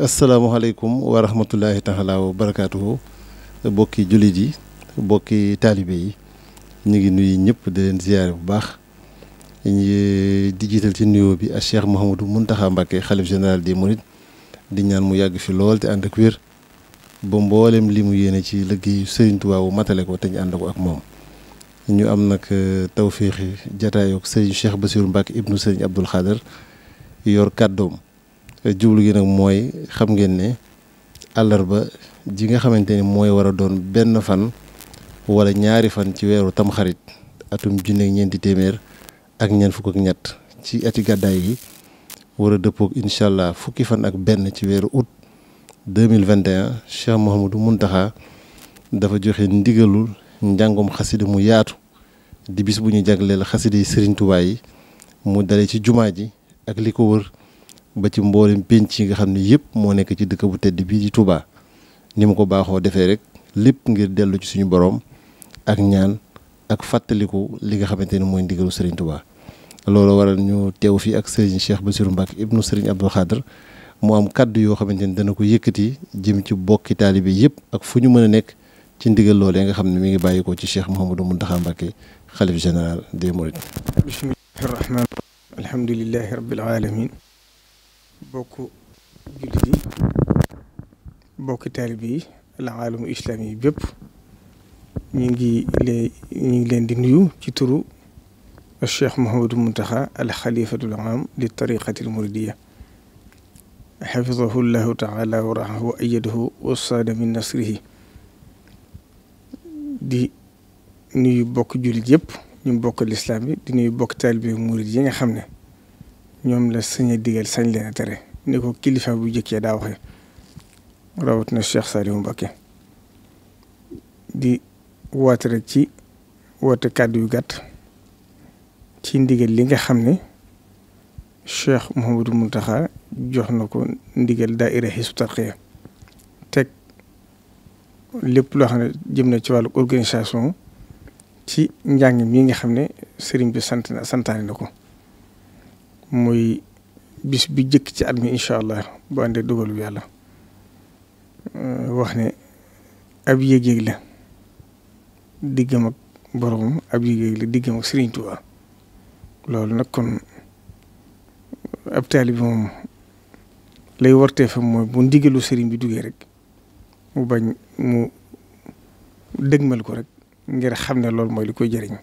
asalaamaaleykum wa rahmatullahi taala barakaatu barakaatuhu bokki jullit yi bokki taalibe yi ñu ngi nuyu ñëpp di leen ziyaare bu baax ñu di jiital ci nuyoo bi ak Cheikh Mouhamadou Mountakha Mbacké xalif général des mourides di ñaan mu yàgg fi lool te ànd ak wér ba mboolem li mu yéene ci liggéeyu Serigne Touba matale ko te ñu ànd ko ak moom ñu am nag euh, tawféexi jataayook Serigne Cheikh Bassirou Mbacké ibnu Serigne Abdoul Khader yor kàddoom jublu gi nag mooy xam ngeen ne àllarba ji nga xamante ni mooy war a doon benn fan wala ñaari fan ci weeru tamxarit atum junne ak ñeenti téeméer ak ñeent fukk ak ñett ci ati gàddaay yi war a dëppoog incha allah fukki fan ak benn ci weeru août deux mille vingt et un Cheikh Mouhamadou Mountakha dafa joxe ndigalul njàngum xasida mu yaatu di bis bu ñu jagleel xasida yi Serigne yi mu dale ci jumaa ji ak li ko wër. ba ci mboolem pénc yi nga xam ne yëpp moo nekk ci dëkk bu tedd bii di tubaa ni mu ko baaxoo defee rek lépp ngir dellu ci suñu boroom ak ñaan ak fàttaliku li nga xamante ne mooy ndigalu Serigne tubaa loolu waral ñu teew fii ak Serigne Cheikh Bassirou Mbacke ibnu Serigne Abdou Khadr mu am kaddu yoo xamante ni dana ko yëkkati jëm ci bokki taalibe yëpp ak fu ñu mën a nekk ci ndigal loolee nga xam ne mu ngi bàyyi ko ci Cheikh Mouhamadou Mountakha Mbacke xalif général des bokk jullit yi bokki yi alaalamu islaam yi bépp ñu ngi leen ñu ngi leen di nuyu ci turu Cheikh Mouhamadou Mountakha al xalifatul aam li tariqati al muridiya xafidahu taala wa raahu wa ayadahu min nasrihi di nuyu bokk jullit yëpp ñu bokk lislaam yi di nuyu bokk taalibe murid yi nga xam ne ñoom la sañ a digal sañ leen a tere ni ko kilifa bu jëkkee daa waxee rawatina Cheikh Saliou Mbacké di woote ci woote kàddu yu gat ci ndigal li nga xam ne Cheikh Mouhamadou Mountakha jox na ko ndigal daaira Hizbut Tarqiyyah teg lépp loo xam ne jëm na ci wàllu organisation ci njàng mi nga xam ne sëriñ bi sant na santaane na ko. muy bis bi jëkk ci at mi incha allah bu àndee dogal bi yàlla euh, wax ne ab yéeg-yéeg la diggam ak borom ab yéeg-yéeg la diggam ak Serigne Touba loolu nag kon ab taali bi moom lay wartee fa mooy bu ndigalu sëriñ bi duggee rek mu bañ mu mal ko rek ngir xam ne loolu mooy li koy jëriñ.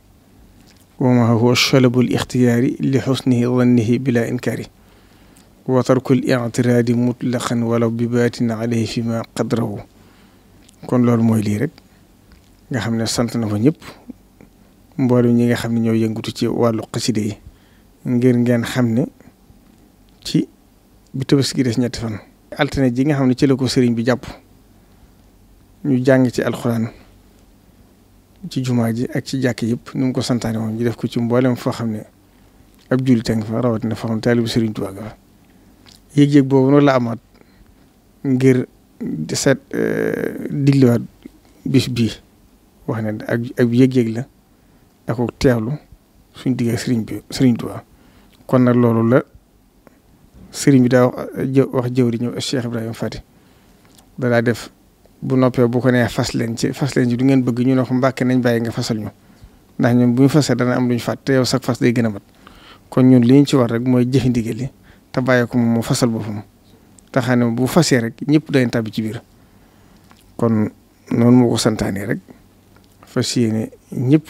wa ma huwa chalabu l ixtiyaari li xusnihi dannihi bila inkaari wa tarku l ictiraadi mutlaqan walaw bi baatin alayhi fi ma qadrahu kon loolu mooy lii rek nga xam ne sant na fa ñëpp mboolem ñi nga xam ne ñoo yëngatu ci wàllu xaside yi ngir ngeen xam ne ci bi Tabaski gi des ñetti fan altine ji nga xam ne ci la ko sëriñ bi jàpp ñu jàng ci alxuraan ci jumaa ji ak ci jàkk yëpp ni mu ko santaane woon ñu def ko ci mbooleem foo xam ne ak jullit teng fa rawatina foo xam ne taalibu Sëriñ Tuubaa ga fa yëg ngir seet eh, digliwaat bis bii wax ne ak ak yëg-yëg la ak teewlu suñ digg ak Sëriñ bi Sëriñ Tuubaa kon nag loolu la sëriñ bi daa wax eh, jëw wax jëwriñu Cheikh Fati da def bu noppee bu ko nee fas leen ci fas leen ci du ngeen bëgg ñu ne ko mbàkke nañ bàyyi nga fasal ñu ndax ñun bu ñu fasee dana am lu ñu fàtte te yow sax fas day gën a mat kon ñun li ñu ci war rek mooy jëfe ndigal te bàyyi ko moom mu fasal boppam te xam ne bu fasee rek ñëpp dañ tàbbi ci biir kon noonu moo santaane rek fas yéene ñëpp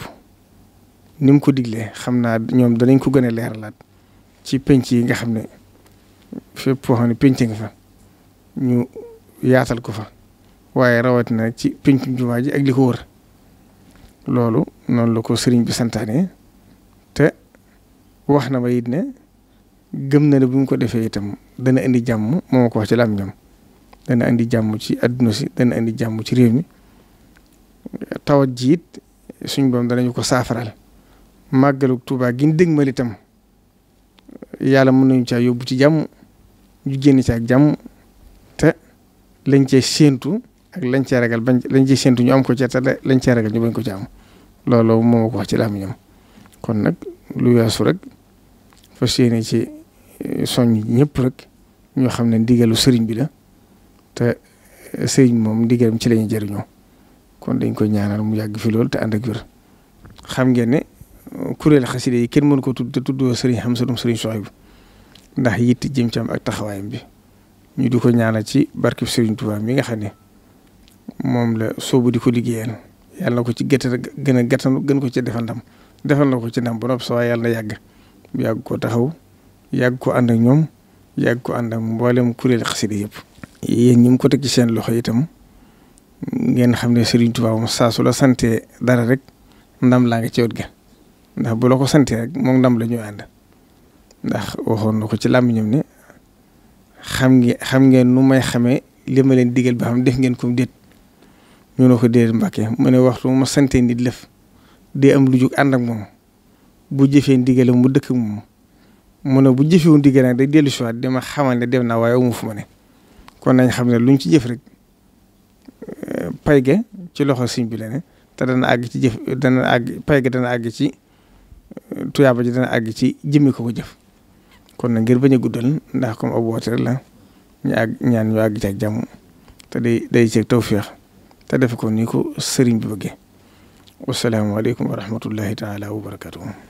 ni mu ko diglee xam naa ñoom danañ ko gën a leeralaat ci penc yi nga xam ne fépp foo xam ne penc nga fa ñu yaatal ko fa. waaye rawatina ci pencum jumaa ji ak li ko wër loolu noonu la ko sëriñ bi santaane te wax na ma it ne gëm na ne bu mu ko defee itam dana indi jàmm moo ko wax ci la am ñoom dana indi jàmm ci àdduna si dana indi jàmm ci réew mi tawat jiit it suñ boom danañu ko saafaral màggalu Tuubaa gi ñu dégmal itam yàlla mën nañu caa yóbbu ci jàmm ñu génn ci ak jàmm te lañ cee seentu ak lañ cee ragal bañ lañ ci séntu ñu am ko ca te lañ cee ragal ñu bañ ko ci am loolu moo ko wax ci la ñoom kon nag lu su rek fas yéene ci eh, soññ ñëpp rek ñoo xam ne ndigalu sëriñ bi la te eh, sëriñ moom ndigalam ci lañuy jëriñoo kon dañ koy ñaanal mu yàgg fi loolu te ànd ak wér xam ngeen ne eh, kuréel xaside yi kenn mënu ko tudd te tuddoo sëriñ xam sëriñ sëriñ Soxibu ndax yitt jëm ci ak taxawaayam bi ñu di ko ñaanal ci barkeb sëriñ Tuubaa mi nga xam ne moom la soobu di ko liggéeyal yàlla na ko ci gëtt gën a gàttanu gën ko ci defal ndam defal na ko ci ndam ba soo sa waaye na yàgg yàgg ko taxaw yàgg ko ànd ak ñoom yàgg ko ànd ak mboolem si xasida yëpp. yéen ñi mu ko teg ci seen loxo itam ngeen xam ne Serigne Touba moom saa su la sante dara rek ndam laa nga ci wet ga ndax bu la ko sante rek moom ndam la ñu ànd ndax waxoon na ko ci làmmiñam ne xam ngeen xam ngeen nu may xamee li ma leen digal bi xam def ngeen ko déet. ñu ne ko déedéet Mbàkke mu ne waxtu ma sante nit lëf dee am lu jug ànd ak moom bu jëfee ndigale mu dëkk moom mu ne bu jëfewu ndigale nag day dellu si waat dama xamal ne dem naa waaye amu fu ma ne kon nañ xam ne luñ ci jëf rek eh, pay ci loxo sëñ bi ne te dana àgg jëf dana àgg pay ga àgg ci eh, tuyaaba ji dana àgg ci jëmmi ko ko jëf kon na ngir bañ a guddal ndax comme ab woote la ñu ñaan ñu àgg ci ak jàmm te day day ceeg tawféex te def ko ni ko sëriñ bi bëggee wasalaamaaleykum wa rahmatullahi taala wa barakatuhu